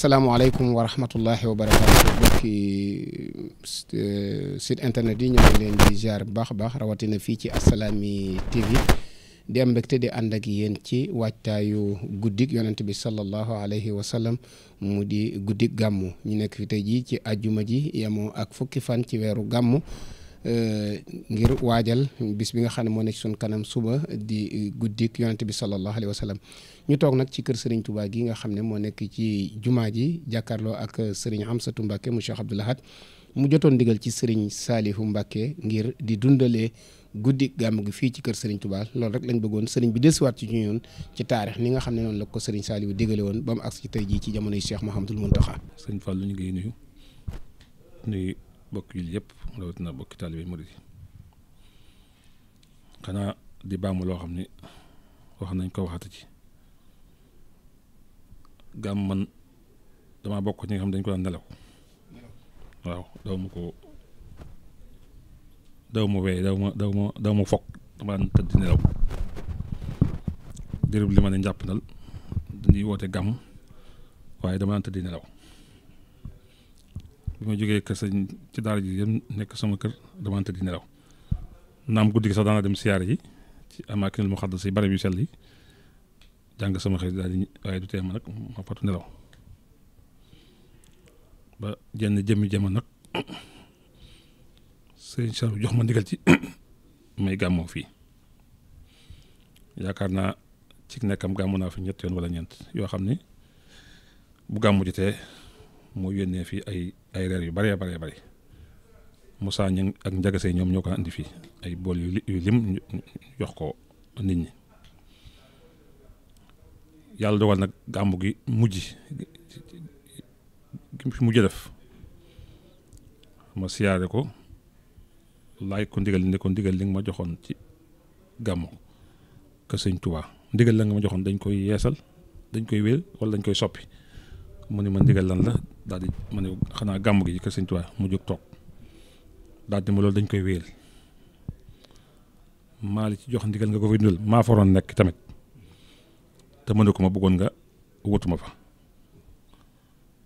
salaamaaleykum wa rahmatullahi wa barakaatu bokki euh, site internet yi ñu ngi leen di ziar bu baax a baax rawatina fii ci Assalaamy TV di am mbégte di ànd ak yéen ci waajtaayu guddik yonent bi sallallahu alayhi wa sallam mu di guddik gàmmu ñu nekk fi tey jii ci àjjuma ji yemoo ak fukki fan ci weeru gàmmu. Euh, ngir waajal bis bi nga xam ne moo nekk ci kanam suba di guddik yonent bi sallallahu alayhi wa ñu toog nag ci kër Serigne Touba gi nga xam ne moo nekk ci jumaa ji jàkkaarloo ak Serigne Amsatou Mbacke mu Cheikh Abdou Lahad mu jotoon ndigal ci Serigne Salihu Mbacke ngir di dundalee guddi gàmm gi fii ci kër Serigne Touba loolu rek lañ bëggoon Serigne bi desuwaat ci ñun ci taarix ni nga xam ne noonu la ko Serigne Salihu dégale woon ba mu agsi ci tey jii ci jamonoy Cheikh Mouhamadul Mountakha. Serigne Fallou ñu ngi nuyu bokk yul yëpp rawatina bokki taalibe murid xanaa di baamu loo xam ni wax nañ ko waxati ci gàmm man damaa bokk ñi xam dañ ko daan nelaw waaw daw ma ko daw ma wéy daw ma daw ma daw ma fokk dama daan tëdd nelaw dérëb li ma ne njàpp nal dañuy woote gàmm waaye dama daan tëdd nelaw bi ma jógee kër sëñ ci daara ji yem nekk sama kër dama tëdd di nelaw naam guddi gi sax daana dem siyaare yi ci amaakinul muqaddas yi barab yu sell yi jàng sama xel daal di waaye jenn jëmmi jamono nag sëñ jox ma ndigal ci may gàmmoo fii yaakaar naa ci nekkam gàmmu naa fi ñett yoon wala ñeent yoo xam ne bu gàmmu jotee moo yónnee fii ay ay reer yu bëree bëree bëri Moussa Niang ak Ndiaga ñoom ñoo ko andi fii ay bool yu lim jox ko nit ñi yàlla dogal nag gàmmu gi mujj fi mujj def ma siyaare ko laaj ko ndigal ne ko ndigal li nga ma joxoon ci gàmmu ka sëñ Tuubaa ndigal la nga ma joxoon dañ koy yeesal dañ koy wéel wala dañ koy soppi mu ne ma ndigal lan la daal di ma ne xanaa gàmm gi kër sëñ Tuubaa mu jóg toog daal di ma loolu dañ koy wéyal maa li ci jox ndigal nga ko fay dundal maa faroon nekk tamit te mënu ko ma bëggoon nga wutuma fa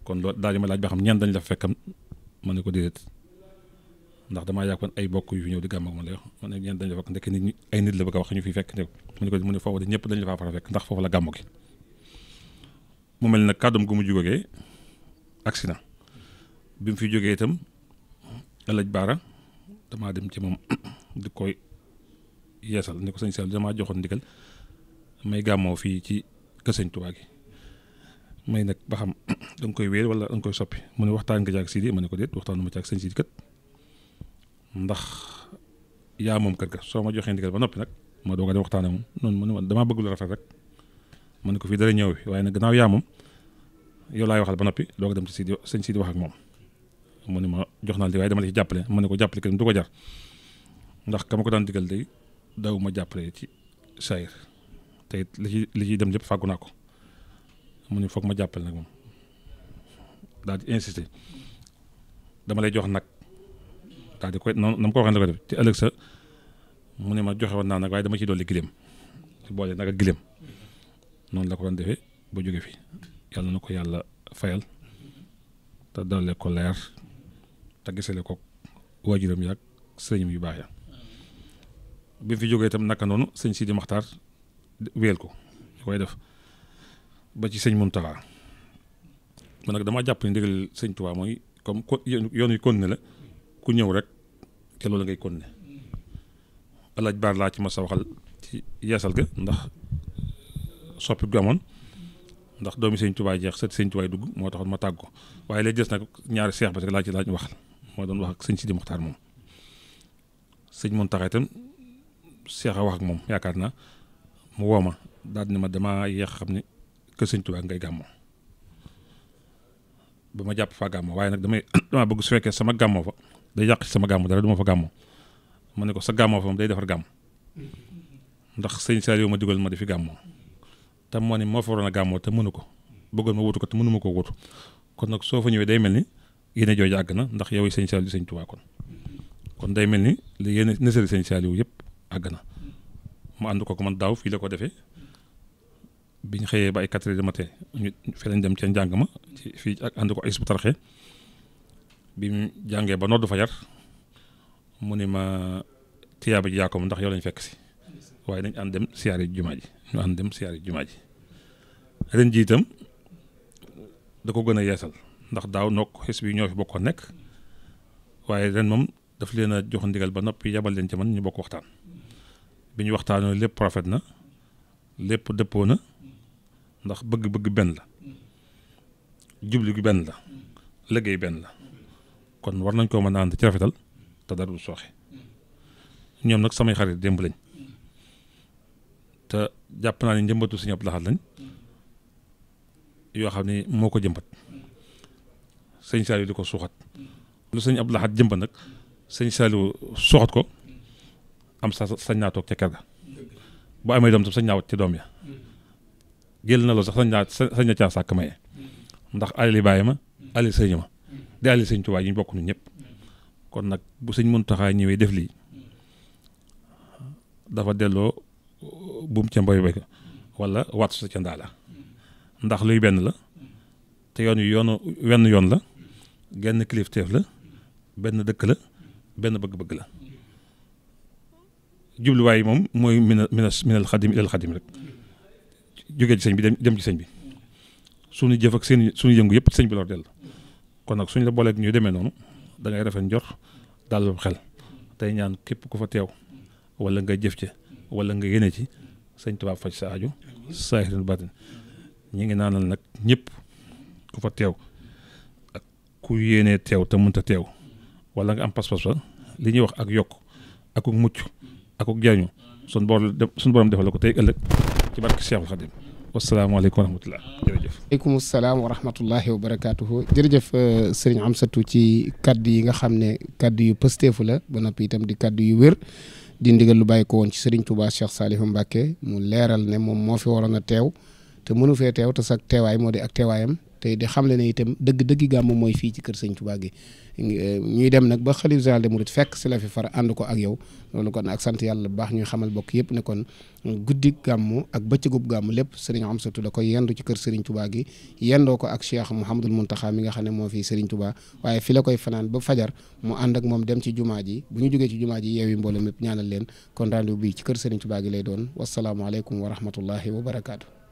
kon loolu daal di ma laaj ba xam ñan dañ la fa fekkam ma ne ko déedéet ndax damaa yàqoon ay bokk yu fi ñëw di gàmm ak ne ñan dañ la fa fekk ndekk nit la bëgg a wax ñu fi fekk ne mu ne ko mu ne ñëpp dañ la faa fara fekk ndax foofu la gàmm gi mu mel ne kàddum gu mu jugogee na bi mu fi jógee itam Elaj Baara damaa dem ci moom di koy yeesal ni ko sëñ Sall damaa joxoon ndigal may gàmmoo fii ci kër sëñ Tuubaa gi may nag ba xam da nga koy wéer wala da koy soppi mu ne waxtaan nga ci ak Sidi ma ne ko déet waxtaanuma ci ak sëñ Sidi kat ndax yaa moom kër ga soo ma joxee ndigal ba noppi nag ma doog a dem waxtaan noonu mu ne ma damaa bëgg lu rafet rek ma ne ko fii dara ñëw bi waaye nag gannaaw yaa moom. yow laay waxal ba noppi doo ko dem ci sañ sëñ Sidi wax ak moom mu ne ma jox naa li waaye dama jàppale mu ne ko jàppale kenn ko jar ndax ko daan digal day daw ma jàppale ci sayir te li ci li ciy dem lépp fàggu naa ko mu ne foog ma jàppale nag moom daal di dama lay jox nag daal di koy noonu na ma ko waxee ci ëllëg sa mu ne ma joxe woon naa nag waaye dama ciy dolli gileem ci boole nag ak gileem noonu la ko doon defee ba jóge fi yàlla na ko yàlla fayal te doole ko leer te gisale ko waajuram yaag sëriñam yu baax ya bi fi jógee tam naka noonu sëñ Sidi Maxtaar wéel ko ñu koy def ba ci sëñ Muntaxa man nag damaa jàpp ni ndigal sëñ Tuubaa mooy comme yoon yu kon ne la ku ñëw rek te loolu ngay kon ne alaaj baar laa ci ma sa ci yeesal ga ndax soppi gu amoon ndax doomi sëñ tubaay jeex sët sëñ tubaay dugg moo taxoon ma tàgg ko waaye lay des nag ñaari seex ba rek laa ci laaj wax moo doon wax ak sëñ Sidi Muxtaar moom sëñ Muntaxa itam seex a moom yaakaar na mu woo ma daal ne ma damaa yéex xam ne que sëñ tubaay ngay gàmmoo ba ma jàpp faa gàmmoo waaye nag damay damaa bëgg su fekkee sama gàmmoo fa day yàq sama gàmmoo dara du ma fa gàmmoo ma ne ko sa gàmmoo fa moom day defar gàmm ndax sëñ Saliou ma digal ma di fi gàmmoo te moo ne moo fa a gàmmoo te mënu ko bëggoon ma wutu ko te mënu ko wutu kon nag soo fa ñëwee day mel ni yéene jooju àgg na ndax yow sëñ Saliou sëñ Tuubaa kon kon day mel ni li yéene nësëri sëñ Saliou yëpp àgg na mu ànd ko ko man daaw fii la ko defee bi ñu xëyee ba ay quatre heures matin ñu fii lañ dem ca njàng ma fii ak ànd ko ay bu tarxee bi mu jàngee ba noddu fajar mu ne ma tiyaaba ji yaa ko ndax yow lañ fekk si waaye dañ ànd dem siyaare jumaa ji ñu ànd dem siyaare jumaa ji ren jiitam da ko gën a yeesal ndax daaw nokk xis bi ñoo fi bokkoon nekk waaye ren moom daf leen a jox ba noppi yabal leen ci man ñu bokk waxtaan bi ñu waxtaanoo lépp rafet na lépp dëppoo na ndax bëgg-bëgg benn la jubli benn la liggéey benn la kon war nañ koo mën a ànd ci rafetal te dara du sooxe ñoom nag samay xarit démb lañ te jàpp naa ne njëmbatu Sëriñ Abdou Lahad lañ yoo xam ne moo ko jëmbat sëñ Saliou di ko suuxat lu sëñ Abdou Lahad jëmbat nag sëñ Saliou suuxat ko am sa sañ naa toog ca kër ga bu amee doom tam sañ naa wat ci doom ya gél na loolu sax sañ naa sañ ndax alali bàyyi ma alali sëñ ma di alali sëñ Tuubaa yi bokk ñu ñëpp kon nag bu sëñ Muntaxaa ñëwee def lii dafa delloo buum ca mboy ba walla wattu sa ca ndaa ndax luy benn la te yoon yu yoonu wenn yoon la genn kilifteef la benn dëkk la benn bëgg-bëgg la jubluwaay yi moom mooy mina mina minal xadim ilal xadim rek jógee ci sëñ bi dem ci sëñ bi suñu jëf ak seen suñu yëngu yëpp sëñ bi lor dell kon nag suñ la booleeg ñuy demee noonu dangay ngay rafet njor dalal xel tey ñaan képp ku fa teew wala nga jëf ci wala nga yéene ci sëñ Tuubaa faj sa aju saahirin batin ñi ngi naanal nag ñëpp ku fa teew ak ku yéenee teew te teew wala nga am pas-pas fa li ñuy wax ak yokk akuk mucc akuk jariñu sun borom sun borom defal ko tey ëllëg ci barke Seexul xa wasalaamaaleykum wa rahmatulah jërëjëf. aleykum salaam wa rahmatullahi wa barakaatuhu. jërëjëf euh, sëriñ Amsatu ci kaddu yi nga xam ne kaddu yu pësteefu la ba noppi itam di kaddu yu wér. di ndigal lu bàyyi ko woon ci Serigne Touba Cheikh Saliou Mbacké mu leeral ne moom moo fi waroon a teew te mënu fee teew te sax teewaay moo di ak teewaayam te di xamle na itam dëgg-dëgg gàmmu mooy fii ci kër sëñ tubaa gi eh, ñuy dem nag ba xalif général des mourides fekk si la fi far ànd ko ak yow loolu kon ak sant yàlla bu baax ñuy xamal bokk yëpp ne kon guddi gàmmu ak bëccëgub gàmmu lépp sëriñ Amsatu da koy yendu ci kër sëriñ tubaa gi yendoo ko ak Cheikh Mouhamadul Mountakha mi nga xam ne moo fii sëriñ Tuubaa waaye fi la koy fanaan ba fajar mu ànd ak moom dem ci jumaa ji bu ñu jógee ci jumaa ji yeewi mbooloo mépp ñaanal leen kon rendez-vous bi ci kër sëriñ Tuubaa gi lay doon wasalaamualeykum wa rahmatullahi wa barakaatu